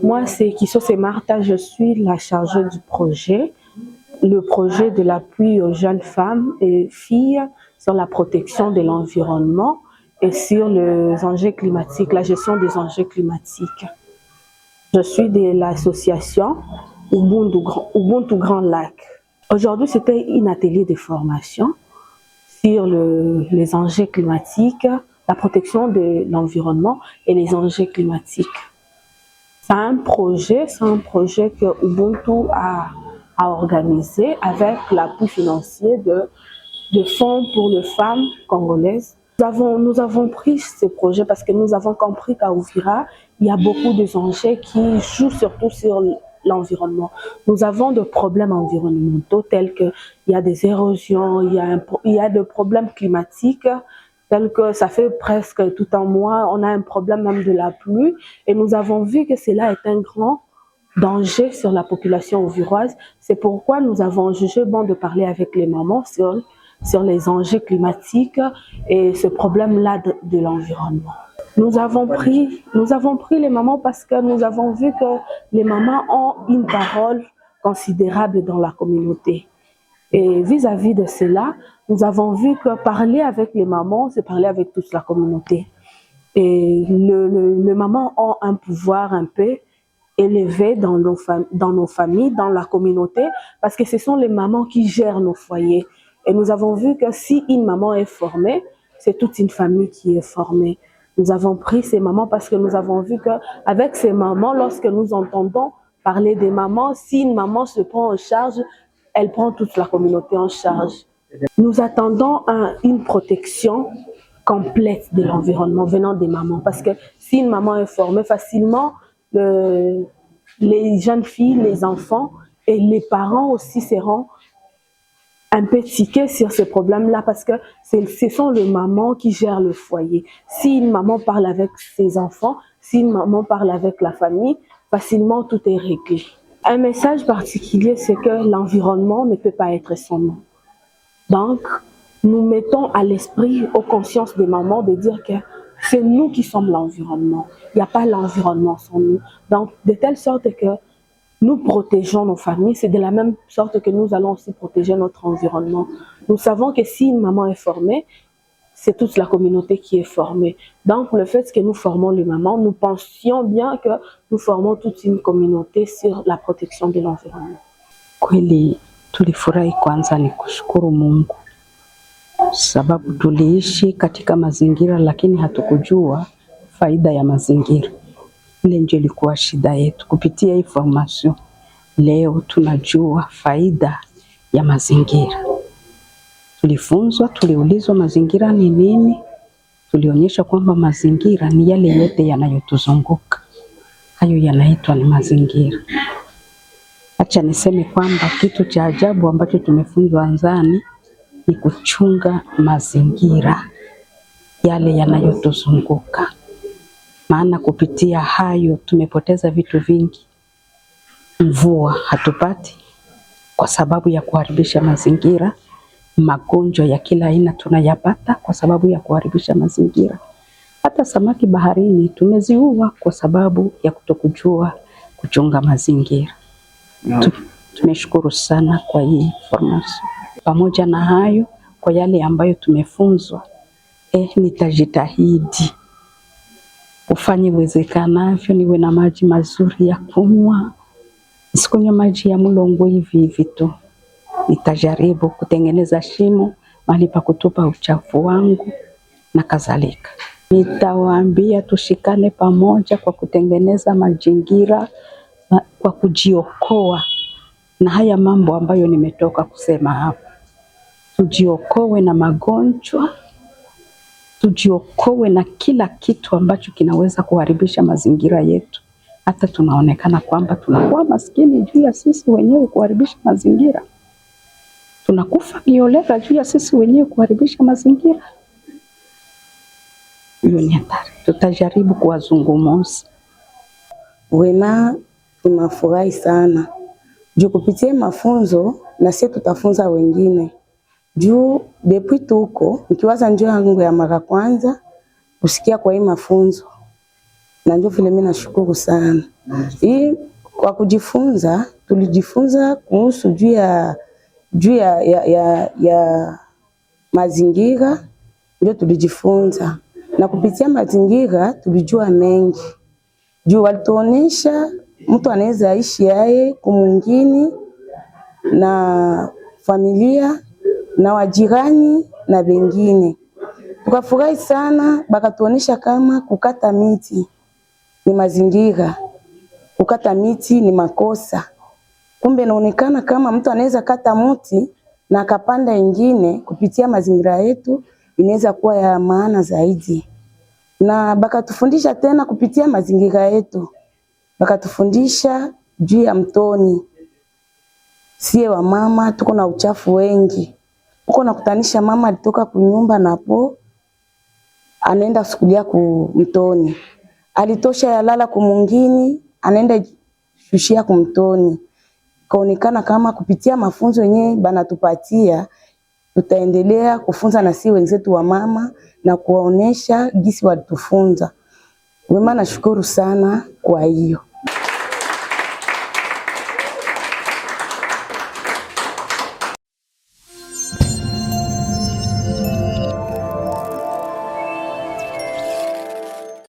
Moi, c'est Kisso, c'est Martha. Je suis la chargée du projet, le projet de l'appui aux jeunes femmes et filles sur la protection de l'environnement et sur les enjeux climatiques, la gestion des enjeux climatiques. Je suis de l'association Ubuntu, Grand Lac. Aujourd'hui, c'était un atelier de formation sur les enjeux climatiques, la protection de l'environnement et les enjeux climatiques c'est un projet, c'est un projet que Ubuntu a, organisé avec l'appui financier de, de Fonds pour les femmes congolaises. Nous avons, nous avons pris ce projet parce que nous avons compris qu'à Ouvira, il y a beaucoup de dangers qui jouent surtout sur l'environnement. Nous avons des problèmes environnementaux tels qu'il y a des érosions, il y a, il y a des problèmes climatiques, tel que ça fait presque tout un mois, on a un problème même de la pluie et nous avons vu que cela est un grand danger sur la population ouvroise. C'est pourquoi nous avons jugé bon de parler avec les mamans sur, sur les enjeux climatiques et ce problème-là de, l'environnement. Nous avons pris, nous avons pris les mamans parce que nous avons vu que les mamans ont une parole considérable dans la communauté. Et vis à -vis de cela, nous avons vu que parler avec les mamans, c'est parler avec toute la communauté. Et le, les mamans ont un pouvoir un peu élevé dans nos, dans nos familles, dans la communauté, parce que ce sont les mamans qui gèrent nos foyers. Et nous avons vu que si une maman est formée, c'est toute une famille qui est formée. Nous avons pris ces mamans parce que nous avons vu que avec ces mamans, lorsque nous entendons parler des mamans, si une maman se prend en charge, elle prend toute la communauté en charge. Nous attendons une protection complète de l'environnement venant des mamans. Parce que si une maman est formée facilement, les jeunes filles, les enfants et les parents aussi seront un peu tiqués sur ce problème-là parce que ce sont les mamans qui gèrent le foyer. Si une maman parle avec ses enfants, si une maman parle avec la famille, facilement tout est réglé. Un message particulier, c'est que l'environnement ne peut pas être son nom. Donc, nous mettons à l'esprit, aux consciences des mamans de dire que c'est nous qui sommes l'environnement. Il n'y a pas l'environnement sans nous. Donc, de telle sorte que nous protégeons nos familles, c'est de la même sorte que nous allons aussi protéger notre environnement. Nous savons que si une maman est formée, c'est toute la communauté qui est formée. Donc, le fait que nous formons les mamans, nous pensions bien que nous formons toute une communauté sur la protection de l'environnement. Tulifurahi kwanza ni kushukuru Mungu sababu tuliishi katika mazingira lakini hatukujua faida ya mazingira. Ile ndio ilikuwa shida yetu. Kupitia hii leo tunajua faida ya mazingira. Tulifunzwa, tuliulizwa mazingira ni nini, tulionyeshwa kwamba mazingira ni yale yote yanayotuzunguka, hayo yanaitwa ni mazingira. Acha niseme kwamba kitu cha ajabu ambacho tumefunzwa anzani ni kuchunga mazingira yale yanayotuzunguka, maana kupitia hayo tumepoteza vitu vingi. Mvua hatupati kwa sababu ya kuharibisha mazingira, magonjwa ya kila aina tunayapata kwa sababu ya kuharibisha mazingira. Hata samaki baharini tumeziua kwa sababu ya kutokujua kuchunga mazingira. Tumeshukuru sana kwa hii formasio. Pamoja na hayo, kwa yale ambayo tumefunzwa eh, nitajitahidi ufanye uwezekanavyo, niwe na maji mazuri ya kunywa, sikunywa maji ya mlongo hivi hivi tu. Nitajaribu kutengeneza shimo mahali pa kutupa uchafu wangu na kadhalika. Nitawaambia tushikane pamoja kwa kutengeneza mazingira kwa kujiokoa na haya mambo ambayo nimetoka kusema hapo. Tujiokoe na magonjwa, tujiokoe na kila kitu ambacho kinaweza kuharibisha mazingira yetu. Hata tunaonekana kwamba tunakuwa maskini juu ya sisi wenyewe kuharibisha mazingira, tunakufa kiolela juu ya sisi wenyewe kuharibisha mazingira. Hiyo ni hatari. Tutajaribu kuwazungumuza wena tunafurahi sana juu kupitia mafunzo na sisi tutafunza wengine juu depuis tuko nikiwaza, njoo yangu ya mara kwanza kusikia kwa hii mafunzo, na njo vile mimi nashukuru sana hii kwa kujifunza. Tulijifunza kuhusu juu ya juu ya, ya, ya, ya mazingira, ndio tulijifunza, na kupitia mazingira tulijua mengi juu walituonesha mtu anaweza aishi yaye kumwingini na familia na wajirani na vengine Tukafurahi sana, bakatuonesha kama kukata miti ni mazingira, kukata miti ni makosa. Kumbe inaonekana kama mtu anaweza kata mti na akapanda ingine kupitia mazingira yetu, inaweza kuwa ya maana zaidi, na bakatufundisha tena kupitia mazingira yetu wakatufundisha juu ya mtoni. Sie wa mama tuko na uchafu wengi, uko nakutanisha mama alitoka kunyumba napo anaenda sukulia ku mtoni, alitosha yalala kumungini, anaenda shushia kumtoni. Kaonekana kama kupitia mafunzo yenyewe banatupatia tutaendelea kufunza na si wenzetu wa mama na kuwaonesha jinsi walitufunza wema. Nashukuru sana kwa hiyo.